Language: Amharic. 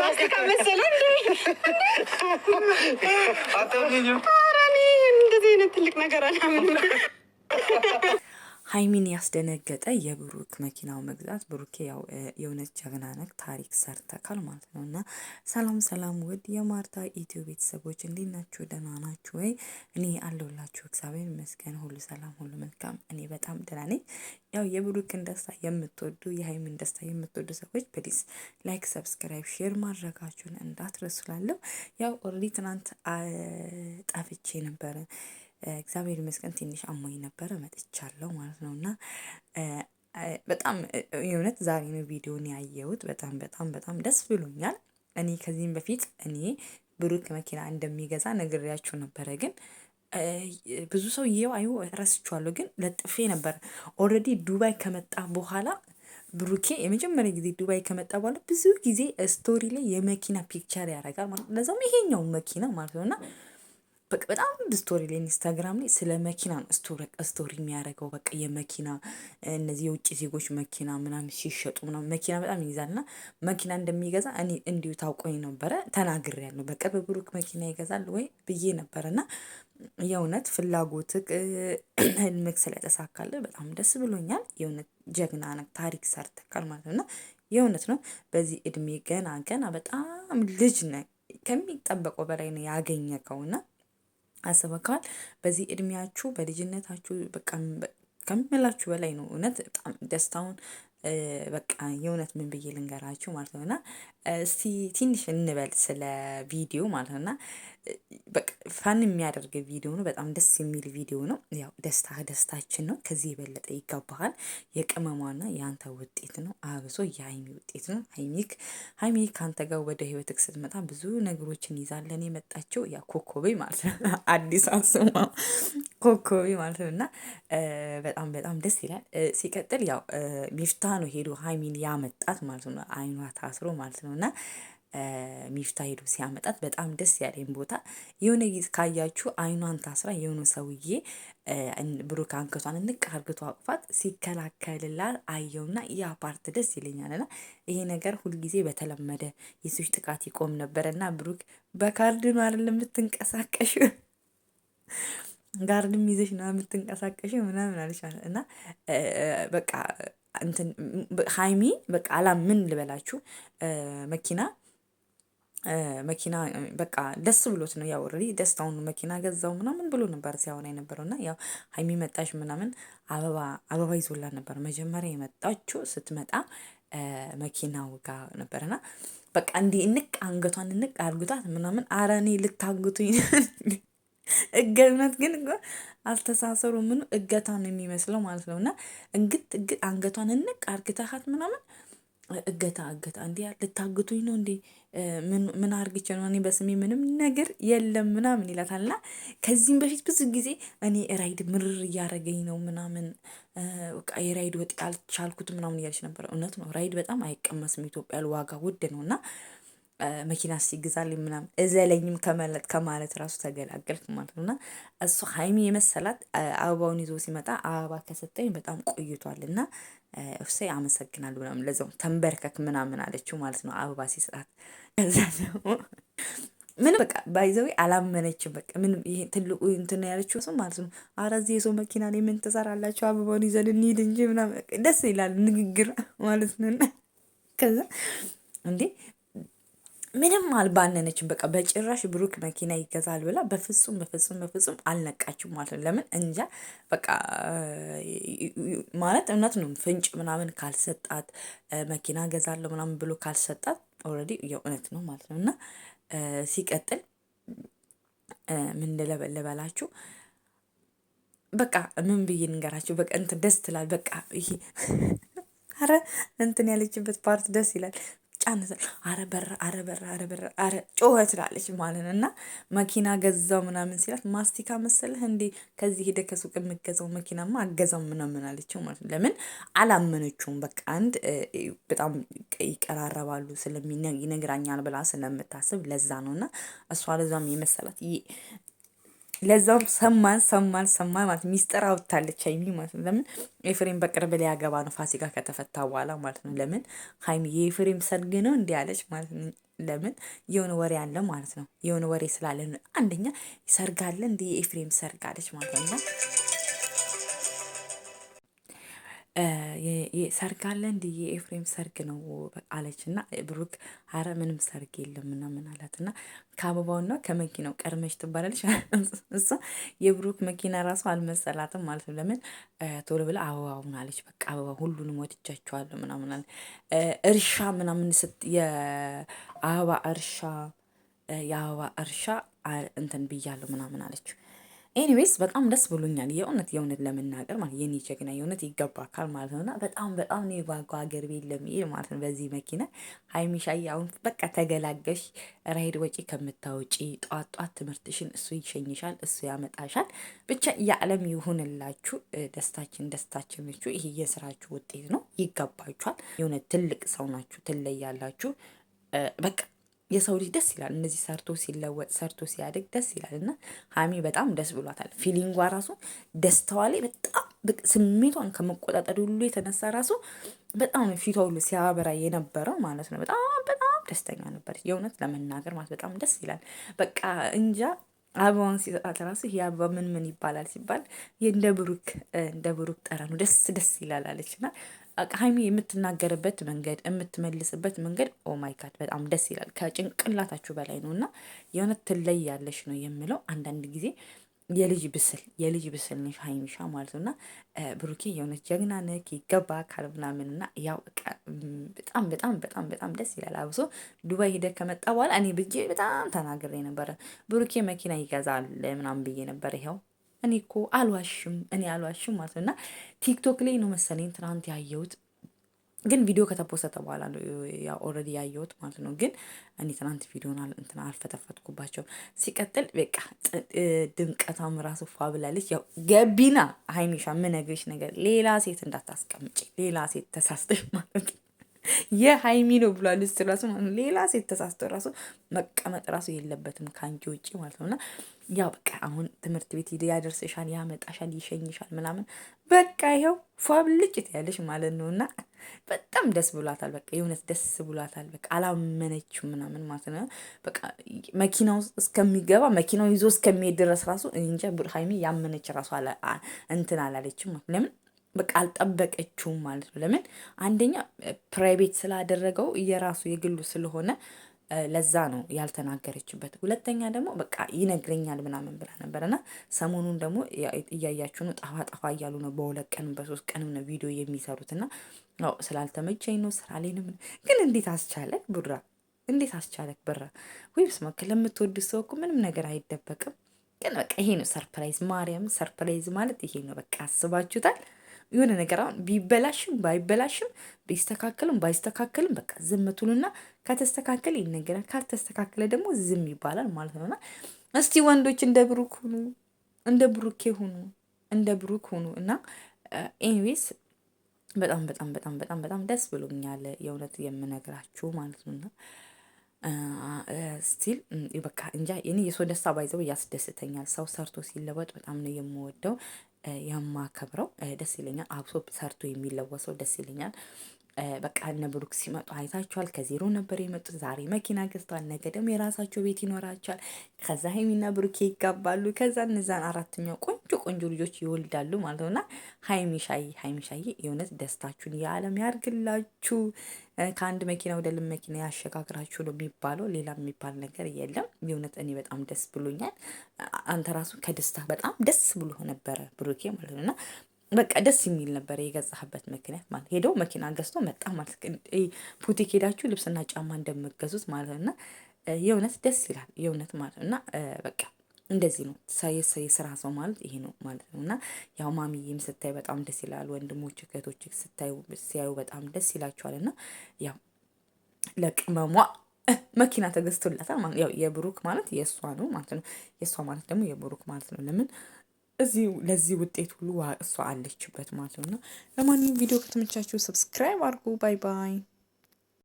ማስቲካ መሰለ እንደ እንደዚህ አይነት ትልቅ ነገር አላምንም። ሀይሚን ያስደነገጠ የብሩክ መኪናው መግዛት። ብሩኬ ያው የእውነት ጀግና ነህ፣ ታሪክ ሰርተካል ማለት ነው። እና ሰላም ሰላም፣ ውድ የማርታ ኢትዮ ቤተሰቦች እንዴት ናችሁ? ደህና ናችሁ ወይ? እኔ አለሁላችሁ፣ እግዚአብሔር ይመስገን፣ ሁሉ ሰላም፣ ሁሉ መልካም። እኔ በጣም ደህና ነኝ። ያው የብሩክን ደስታ የምትወዱ የሀይሚን ደስታ የምትወዱ ሰዎች ፕሊስ ላይክ፣ ሰብስክራይብ፣ ሼር ማድረጋችሁን እንዳትረሱላለሁ። ያው ኦልሬዲ ትናንት ጠፍቼ ነበረ እግዚአብሔር ይመስገን ትንሽ አሞኝ ነበረ መጥቻለሁ ማለት ነው እና በጣም የእውነት ዛሬ ነው ቪዲዮን ያየሁት። በጣም በጣም በጣም ደስ ብሎኛል። እኔ ከዚህም በፊት እኔ ብሩክ መኪና እንደሚገዛ ነግሬያችሁ ነበረ ግን ብዙ ሰው ይየው አይ ረስቼዋለሁ፣ ግን ለጥፌ ነበር። ኦልሬዲ ዱባይ ከመጣ በኋላ ብሩኬ የመጀመሪያ ጊዜ ዱባይ ከመጣ በኋላ ብዙ ጊዜ ስቶሪ ላይ የመኪና ፒክቸር ያደርጋል ማለት ለዛውም ይሄኛው መኪና ማለት ነው እና በቃ በጣም ስቶሪ ላይ ኢንስታግራም ላይ ስለ መኪና ነው ስቶሪ የሚያደርገው። በቃ የመኪና እነዚህ የውጭ ዜጎች መኪና ምናምን ሲሸጡ ምናምን መኪና በጣም ይይዛል እና መኪና እንደሚገዛ እኔ እንዲሁ ታውቆኝ ነበረ ያለው በቃ በብሩክ መኪና ይገዛል ወይ ብዬ ነበረ እና የእውነት ፍላጎትህ ህልምህ ስለተሳካልህ በጣም ደስ ብሎኛል። የእውነት ጀግና ነ ታሪክ ሰርተካል ማለት ነው እና የእውነት ነው። በዚህ እድሜ ገና ገና በጣም ልጅ ነ ከሚጠበቀው በላይ ነው ያገኘከው እና አስበካል። በዚህ እድሜያችሁ በልጅነታችሁ በቃ ከምላችሁ በላይ ነው። እውነት በጣም ደስታውን በቃ የእውነት ምን ብዬ ልንገራችሁ ማለት ነው። እና እስቲ ትንሽ እንበል ስለ ቪዲዮ ማለት ነው። እና በቃ ፋን የሚያደርግ ቪዲዮ ነው። በጣም ደስ የሚል ቪዲዮ ነው። ያው ደስታ ደስታችን ነው። ከዚህ የበለጠ ይገባሃል። የቅመሟና የአንተ ውጤት ነው። አብሶ የሀይሚ ውጤት ነው። ሀይሚክ ሀይሚክ ከአንተ ጋር ወደ ህይወትክ ስትመጣ ብዙ ነገሮችን ይዛለን የመጣቸው ያ ኮኮቤ ማለት ነው። አዲስ አስማ ኮኮቢ ማለት ነው እና በጣም በጣም ደስ ይላል። ሲቀጥል ያው ሚፍታ ነው ሄዶ ሀይሚን ያመጣት ማለት ነው አይኗ ታስሮ ማለት ነው እና ሚፍታ ሄዶ ሲያመጣት በጣም ደስ ያለኝ ቦታ የሆነ ጊዜ ካያችሁ አይኗን ታስራ የሆነ ሰውዬ ብሩክ አንገቷን እንቅ አርግቶ አቅፋት ሲከላከልላል አየውና ያ ፓርት ደስ ይለኛል። ና ይሄ ነገር ሁልጊዜ በተለመደ የሴቶች ጥቃት ይቆም ነበረ እና ብሩክ በካርድ ነው አይደል የምትንቀሳቀሽ ጋርድም ይዘሽ ነው የምትንቀሳቀሽ ምናምን አለች ማለት እና በቃ ሀይሚ በቃ አላ ምን ልበላችሁ መኪና መኪና በቃ ደስ ብሎት ነው ያው ኦልሬዲ ደስታውን መኪና ገዛው ምናምን ብሎ ነበር ሲያወራ የነበረው እና ያው ሀይሚ መጣሽ ምናምን አበባ አበባ ይዞላ ነበር መጀመሪያ የመጣችው ስትመጣ መኪናው ጋር ነበርና በቃ እንዲህ እንቅ አንገቷን እንቅ አርጉታት ምናምን አረ እኔ ልታግቱኝ እገነት ግን እ አስተሳሰሩ ምኑ እገቷን የሚመስለው ማለት ነው። እና እንግት እግት አንገቷን እንቅ አርግታሃት ምናምን እገታ እገታ እንዲ ልታግቱኝ ነው እንዴ? ምን አርግቼ ነው እኔ በስሜ ምንም ነገር የለም ምናምን ይላታል። እና ከዚህም በፊት ብዙ ጊዜ እኔ ራይድ ምርር እያደረገኝ ነው ምናምን በቃ የራይድ ወጥ ያልቻልኩት ምናምን እያለች ነበር። እውነት ነው ራይድ በጣም አይቀመስም። ኢትዮጵያ ዋጋ ውድ ነው እና መኪና ሲግዛልኝ ምናምን እዘለኝም ከመለጥ ከማለት ራሱ ተገላገልክ ማለት ነው። እና እሱ ሀይሚ የመሰላት አበባውን ይዞ ሲመጣ አበባ ከሰጠኝ በጣም ቆይቷል እና እሰይ አመሰግናለሁ ምናምን ለዛውም ተንበርከክ ምናምን አለችው ማለት ነው አበባ ሲሰጣት። ከዛ ደግሞ ምንም በቃ ባይዘዌ አላመነችም። በቃ ምንም ይሄ ትልቁ እንትን ያለችው ሰው ማለት ነው። ኧረ የሰው መኪና ላይ ምን ትሰራላችሁ? አበባውን ይዘን እንሂድ እንጂ ምናምን ደስ ይላል ንግግር ማለት ነው። ከዛ እንዴ ምንም አልባነነችም። በቃ በጭራሽ ብሩክ መኪና ይገዛል ብላ በፍጹም በፍጹም በፍጹም አልነቃችም ማለት ነው። ለምን እንጃ በቃ ማለት እውነት ነው። ፍንጭ ምናምን ካልሰጣት መኪና ገዛለሁ ምናምን ብሎ ካልሰጣት ኦልሬዲ የእውነት ነው ማለት ነው። እና ሲቀጥል ምን ልበላችሁ በቃ ምን ብዬ ንገራችሁ በቃ እንትን ደስ ትላል። በቃ ይሄ አረ እንትን ያለችበት ፓርት ደስ ይላል። ጫን አረ በራ አረ በራ አረ በራ አረ ጮኸ ትላለች ማለት ነው። እና መኪና ገዛው ምናምን ሲላት ማስቲካ መሰለህ እንዴ ከዚህ ሄደ ከሱቅ የምገዛው መኪናማ አገዛው ምናምን አለችው ማለት ነው። ለምን አላመነችውም። በቃ አንድ በጣም ይቀራረባሉ ስለሚነግራኛል ብላ ስለምታስብ ለዛ ነው። እና እሷ ለዛም የመሰላት ለዛም ሰማን ሰማን ሰማን ማለት ሚስጥር አውጥታለች ሀይሚ ማለት ነው። ለምን ኤፍሬም በቅርብ ላይ ያገባ ነው ፋሲካ ከተፈታ በኋላ ማለት ነው። ለምን ሀይሚ የኤፍሬም ሰርግ ነው እንዲህ አለች ማለት ነው። ለምን የሆነ ወሬ አለ ማለት ነው። የሆነ ወሬ ስላለ አንደኛ ሰርግ አለ እንዲህ የኤፍሬም ሰርግ አለች ማለት ነው። ሰርግ አለ የኤፍሬም ሰርግ ነው አለች እና ብሩክ አረ ምንም ሰርግ የለም ምናምን አላት እና ከአበባውና ከመኪናው ቀድመሽ ትባላለች። እሷ የብሩክ መኪና ራሱ አልመሰላትም ማለት ነው። ለምን ቶሎ ብላ አበባውን አለች። በቃ አበባ ሁሉንም ወድጃቸዋለሁ ምናምን አለ። እርሻ ምናምን ስት የአበባ እርሻ የአበባ እርሻ እንትን ብያለሁ ምናምን አለችው። ኤኒዌይስ በጣም ደስ ብሎኛል። የእውነት የእውነት ለመናገር ማለት የኔ ጀግና የእውነት ይገባካል ማለት ነው እና በጣም በጣም ነው የጓጓ ሀገር ቤት ለመሄድ ማለት ነው በዚህ መኪና። ሀይሚሻዬ አሁን በቃ ተገላገሽ። ራይድ ወጪ ከምታወጪ ጧት ጧት ትምህርትሽን እሱ ይሸኝሻል፣ እሱ ያመጣሻል። ብቻ የዓለም ይሁንላችሁ። ደስታችን ደስታችን ነች። ይሄ የስራችሁ ውጤት ነው። ይገባችኋል። የእውነት ትልቅ ሰው ናችሁ፣ ትለያላችሁ። በቃ የሰው ልጅ ደስ ይላል እንደዚህ ሰርቶ ሲለወጥ ሰርቶ ሲያድግ ደስ ይላል። እና ሀሚ በጣም ደስ ብሏታል። ፊሊንጓ ራሱ ደስታዋ ላይ በጣም ስሜቷን ከመቆጣጠር ሁሉ የተነሳ ራሱ በጣም ፊቷ ሁሉ ሲያበራ የነበረው ማለት ነው። በጣም በጣም ደስተኛ ነበር፣ የእውነት ለመናገር ማለት በጣም ደስ ይላል። በቃ እንጃ አበባውን ሲሰጣት ራሱ ይህ አበባ ምን ምን ይባላል ሲባል እንደ ብሩክ እንደ ብሩክ ጠረኑ ደስ ደስ ይላል አለችና ሀይሚ የምትናገርበት መንገድ የምትመልስበት መንገድ ኦ ማይ ጋድ በጣም ደስ ይላል። ከጭንቅላታችሁ በላይ ነው እና ትለይ ያለሽ ነው የምለው። አንዳንድ ጊዜ የልጅ ብስል የልጅ ብስል ነሽ ሀይሚሻ ማለት ነው እና ብሩኬ የሆነች ጀግና ነክ ይገባ ካል ምናምን እና ያው በጣም በጣም በጣም በጣም ደስ ይላል። አብሶ ዱባይ ሂደ ከመጣ በኋላ እኔ ብዬ በጣም ተናግሬ ነበረ ብሩኬ መኪና ይገዛል ምናምን ብዬ ነበር ይኸው እኔ እኮ አልዋሽም፣ እኔ አልዋሽም ማለት ነው። እና ቲክቶክ ላይ ነው መሰለኝ ትናንት ያየሁት፣ ግን ቪዲዮ ከተፖሰተ በኋላ ነው ኦልሬዲ ያየሁት ማለት ነው። ግን እኔ ትናንት ቪዲዮን እንትን አልፈተፈትኩባቸውም። ሲቀጥል በቃ ድምቀታም ራሱ ፏ ብላለች። ያው ገቢና ሀይሚሻ፣ ምነግርሽ ነገር ሌላ ሴት እንዳታስቀምጪ፣ ሌላ ሴት ተሳስተሽ ማለት ነው የሀይሚ ነው ብሏል። ስ ራሱ ሌላ ሴት ተሳስቶ ራሱ መቀመጥ ራሱ የለበትም ከአንቺ ውጭ ማለት ነው። እና ያው በቃ አሁን ትምህርት ቤት ያደርስሻል፣ ያመጣሻል፣ ይሸኝሻል ምናምን በቃ ይኸው ፏብ ልጭት ያለሽ ማለት ነው። እና በጣም ደስ ብሏታል። በቃ የእውነት ደስ ብሏታል። በቃ አላመነችው ምናምን ማለት ነው። በቃ መኪናው እስከሚገባ መኪናው ይዞ እስከሚሄድ ድረስ ራሱ እንጃ ሀይሚ ያመነች ራሱ እንትን አላለችም። ለምን በቃ አልጠበቀችውም ማለት ነው። ለምን አንደኛ ፕራይቬት ስላደረገው የራሱ የግሉ ስለሆነ ለዛ ነው ያልተናገረችበት። ሁለተኛ ደግሞ በቃ ይነግረኛል ምናምን ብላ ነበር ሰሞኑን ደግሞ እያያችሁ ነው፣ ጠፋ ጠፋ እያሉ ነው። በሁለት ቀንም በሶስት ቀንም ነው ቪዲዮ የሚሰሩት እና ያው ስላልተመቸኝ ነው ስራ ላይ ነው። ግን እንዴት አስቻለክ ቡድራ? እንዴት አስቻለክ ብራ? ወይብስ መክ ለምትወዱ ሰው እኮ ምንም ነገር አይደበቅም። ግን በቃ ይሄ ነው ሰርፕራይዝ። ማርያም ሰርፕራይዝ ማለት ይሄ ነው። በቃ አስባችሁታል። የሆነ ነገር አሁን ቢበላሽም ባይበላሽም ቢስተካከልም ባይስተካከልም በቃ ትሉና ከተስተካከለ ይነገራል፣ ካልተስተካከለ ደግሞ ዝም ይባላል ማለት ነውና እስቲ ወንዶች እንደ ብሩክ ሁኑ፣ እንደ ብሩኬ ሁኑ፣ እንደ ብሩክ ሁኑ እና ኤኒዌይስ በጣም በጣም በጣም በጣም በጣም ደስ ብሎኛል የእውነት የምነግራችሁ ማለት ነውና ስቲል በቃ እንጃ እኔ የሰው ደስታ ባይዘው ያስደስተኛል። ሰው ሰርቶ ሲለወጥ በጣም ነው የምወደው። የማከብረው ደስ ይለኛል። አብሶ ሰርቶ የሚለወሰው ደስ ይለኛል። በቃ እነ ብሩክ ሲመጡ አይታችኋል። ከዜሮ ነበር የመጡት። ዛሬ መኪና ገዝተዋል፣ ነገ ደግሞ የራሳቸው ቤት ይኖራቸዋል። ከዛ ሀይሚና ብሩኬ ይጋባሉ። ከዛ እነዛን አራተኛው ቆንጆ ቆንጆ ልጆች ይወልዳሉ ማለት ነውና ሀይሚሻይ ሀይሚሻይ የእውነት ደስታችሁን የዓለም ያርግላችሁ። ከአንድ መኪና ወደ ልም መኪና ያሸጋግራችሁ ነው የሚባለው። ሌላ የሚባል ነገር የለም። የእውነት እኔ በጣም ደስ ብሎኛል። አንተ ራሱ ከደስታ በጣም ደስ ብሎ ነበረ ብሩኬ ማለት ነውና በቃ ደስ የሚል ነበር የገዛህበት ምክንያት ማለት ሄደው መኪና ገዝቶ መጣ ማለት ፑቲክ ሄዳችሁ ልብስና ጫማ እንደምገዙት ማለት ነው። እና የእውነት ደስ ይላል የእውነት ማለት ነው። እና በቃ እንደዚህ ነው የስራ ሰው ማለት ይሄ ነው ማለት ነው። እና ያው ማሚዬም ስታይ በጣም ደስ ይላል። ወንድሞች እህቶች ስታዩ ሲያዩ በጣም ደስ ይላቸዋል። እና ያው ለቅመሟ መኪና ተገዝቶላታል ማለት ያው የብሩክ ማለት የእሷ ነው ማለት ነው። የእሷ ማለት ደግሞ የብሩክ ማለት ነው። ለምን እዚህ ለዚህ ውጤት ሁሉ እሷ አለችበት ማለት ነው። እና ለማንኛውም ቪዲዮ ከተመቻችሁ ሰብስክራይብ አድርጉ። ባይ ባይ።